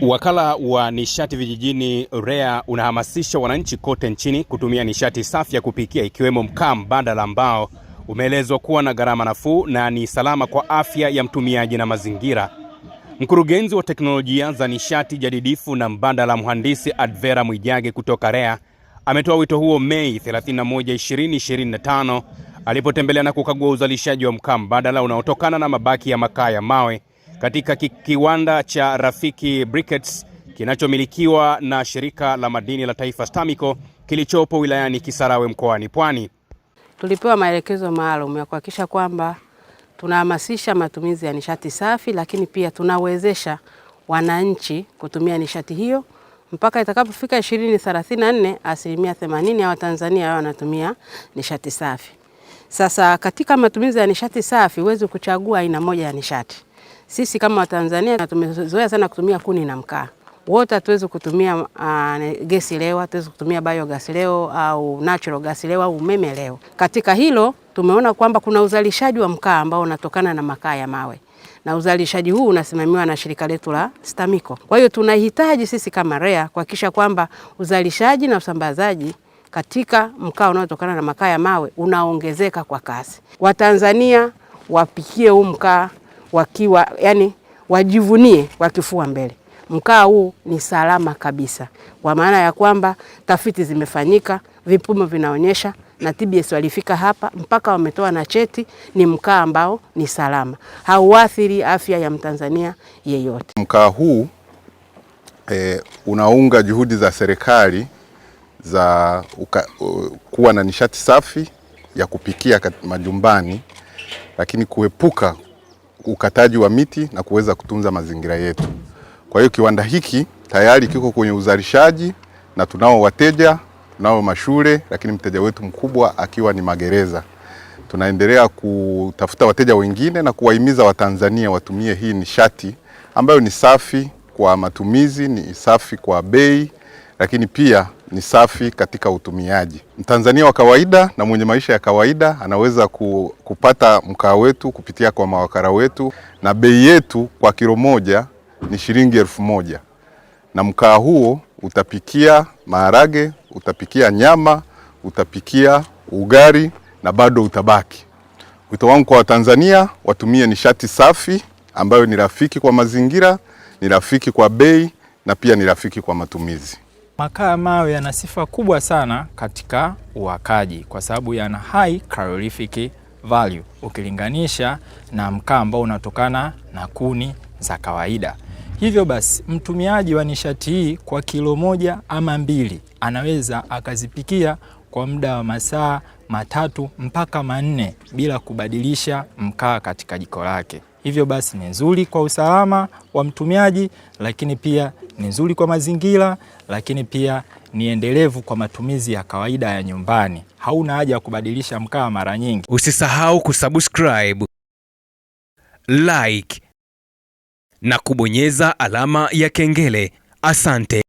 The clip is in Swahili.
Wakala wa nishati vijijini REA unahamasisha wananchi kote nchini kutumia nishati safi ya kupikia ikiwemo mkaa mbadala ambao umeelezwa kuwa na gharama nafuu na ni salama kwa afya ya mtumiaji na mazingira. Mkurugenzi wa teknolojia za nishati jadidifu na mbadala, mhandisi Advera Mwijage kutoka REA ametoa wito huo Mei 31, 2025 alipotembelea na kukagua uzalishaji wa mkaa mbadala unaotokana na mabaki ya makaa ya mawe katika kiwanda cha Rafiki Briquettes kinachomilikiwa na shirika la madini la taifa STAMICO kilichopo wilayani Kisarawe mkoani Pwani. Tulipewa maelekezo maalum ya kuhakikisha kwamba tunahamasisha matumizi ya nishati safi, lakini pia tunawezesha wananchi kutumia nishati hiyo mpaka itakapofika 2034 asilimia 80 ya Watanzania wao wanatumia nishati safi. Sasa katika matumizi ya nishati safi huwezi kuchagua aina moja ya nishati sisi kama Watanzania tumezoea sana kutumia kuni na mkaa wote hatuwezi kutumia uh, gesi leo, hatuwezi kutumia biogas leo au natural gas leo au umeme leo. Katika hilo tumeona kwamba kuna uzalishaji wa mkaa ambao unatokana na makaa ya mawe na uzalishaji huu unasimamiwa na shirika letu la STAMICO. Kwa hiyo tunahitaji sisi kama REA kuhakikisha kwamba uzalishaji na usambazaji katika mkaa unaotokana na makaa ya mawe unaongezeka kwa kasi. Watanzania wapikie huu mkaa wakiwa yani, wajivunie wakifua mbele. Mkaa huu ni salama kabisa, kwa maana ya kwamba tafiti zimefanyika, vipimo vinaonyesha na TBS walifika hapa mpaka wametoa na cheti. Ni mkaa ambao ni salama, hauathiri afya ya Mtanzania yeyote. Mkaa huu e, unaunga juhudi za serikali za uka, u, uh, kuwa na nishati safi ya kupikia majumbani, lakini kuepuka ukataji wa miti na kuweza kutunza mazingira yetu. Kwa hiyo kiwanda hiki tayari kiko kwenye uzalishaji na tunao wateja, tunao mashule, lakini mteja wetu mkubwa akiwa ni magereza. Tunaendelea kutafuta wateja wengine na kuwahimiza Watanzania watumie hii nishati ambayo ni safi kwa matumizi, ni safi kwa bei lakini pia ni safi katika utumiaji. Mtanzania wa kawaida na mwenye maisha ya kawaida anaweza ku, kupata mkaa wetu kupitia kwa mawakala wetu, na bei yetu kwa kilo moja ni shilingi elfu moja na mkaa huo utapikia maharage, utapikia nyama, utapikia ugali na bado utabaki. Wito wangu kwa Watanzania watumie nishati safi ambayo ni rafiki kwa mazingira, ni rafiki kwa bei na pia ni rafiki kwa matumizi. Makaa ya mawe yana sifa kubwa sana katika uwakaji kwa sababu yana high calorific value ukilinganisha na mkaa ambao unatokana na kuni za kawaida. Hivyo basi mtumiaji wa nishati hii kwa kilo moja ama mbili anaweza akazipikia kwa muda wa masaa matatu mpaka manne bila kubadilisha mkaa katika jiko lake. Hivyo basi ni nzuri kwa usalama wa mtumiaji, lakini pia ni nzuri kwa mazingira, lakini pia ni endelevu kwa matumizi ya kawaida ya nyumbani. Hauna haja ya kubadilisha mkaa mara nyingi. Usisahau kusubscribe, like na kubonyeza alama ya kengele. Asante.